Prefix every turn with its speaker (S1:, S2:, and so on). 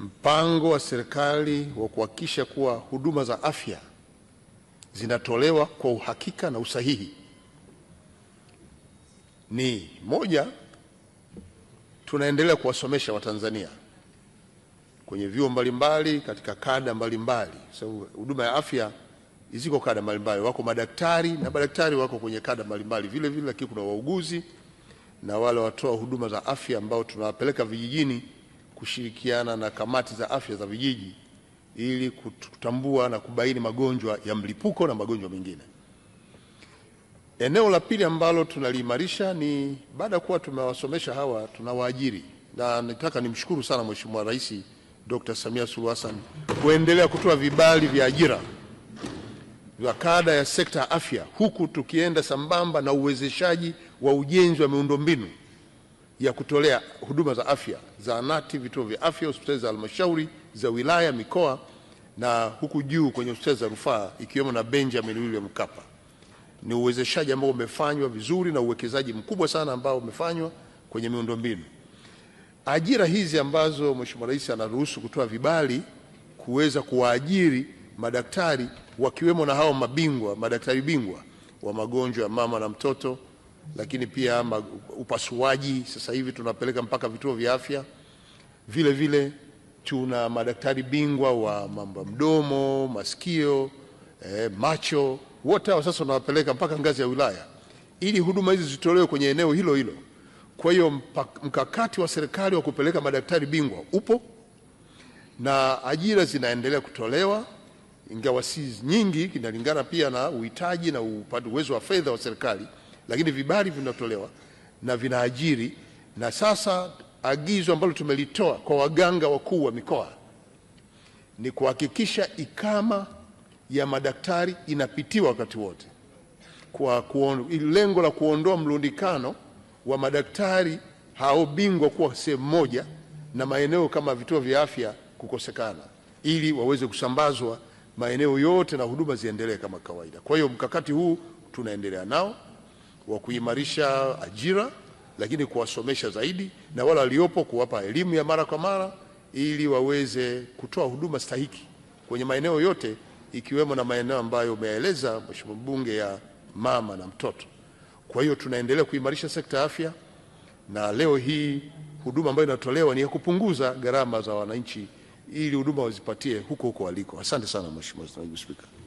S1: mpango wa serikali wa kuhakikisha kuwa huduma za afya zinatolewa kwa uhakika na usahihi ni moja, tunaendelea kuwasomesha Watanzania kwenye vyuo mbalimbali katika kada mbalimbali, kwa sababu huduma ya afya ziko kada mbalimbali. Wako madaktari na madaktari wako kwenye kada mbalimbali vile vile, lakini kuna wauguzi na wale watoa huduma za afya ambao tunawapeleka vijijini kushirikiana na kamati za afya za vijiji ili kutambua na kubaini magonjwa ya mlipuko na magonjwa mengine. Eneo la pili ambalo tunaliimarisha ni baada ya kuwa tumewasomesha hawa, tunawaajiri na nataka nimshukuru sana Mheshimiwa Rais Dr. Samia Suluhu Hassan kuendelea kutoa vibali vya ajira vya kada ya sekta ya afya, huku tukienda sambamba na uwezeshaji wa ujenzi wa miundombinu ya kutolea huduma za afya, zahanati, vituo vya afya, hospitali za halmashauri za wilaya, mikoa na huku juu kwenye hospitali za rufaa ikiwemo na Benjamin William Mkapa. Ni uwezeshaji ambao umefanywa vizuri na uwekezaji mkubwa sana ambao umefanywa kwenye miundombinu. Ajira hizi ambazo Mheshimiwa Rais anaruhusu kutoa vibali kuweza kuwaajiri madaktari wakiwemo na hao mabingwa, madaktari bingwa wa magonjwa ya mama na mtoto lakini pia upasuaji sasa hivi tunapeleka mpaka vituo vya afya. Vile vile tuna madaktari bingwa wa mambo mdomo, masikio, eh, macho, wote hao sasa tunawapeleka mpaka ngazi ya wilaya ili huduma hizi zitolewe kwenye eneo hilo hilo. Kwa hiyo mkakati wa serikali wa kupeleka madaktari bingwa upo na ajira zinaendelea kutolewa, ingawa si nyingi, inalingana pia na uhitaji na uwezo wa fedha wa serikali lakini vibali vinatolewa na vinaajiri. Na sasa agizo ambalo tumelitoa kwa waganga wakuu wa mikoa ni kuhakikisha ikama ya madaktari inapitiwa wakati wote kwa lengo la kuondoa mlundikano wa madaktari hao bingwa kuwa sehemu moja na maeneo kama vituo vya afya kukosekana, ili waweze kusambazwa maeneo yote na huduma ziendelee kama kawaida. Kwa hiyo mkakati huu tunaendelea nao wa kuimarisha ajira, lakini kuwasomesha zaidi na wale waliopo kuwapa elimu ya mara kwa mara ili waweze kutoa huduma stahiki kwenye maeneo yote ikiwemo na maeneo ambayo umeeleza Mheshimiwa Mbunge ya mama na mtoto. Kwa hiyo tunaendelea kuimarisha sekta ya afya, na leo hii huduma ambayo inatolewa ni ya kupunguza gharama za wananchi ili huduma wazipatie huko huko waliko. Asante sana Mheshimiwa Naibu Spika.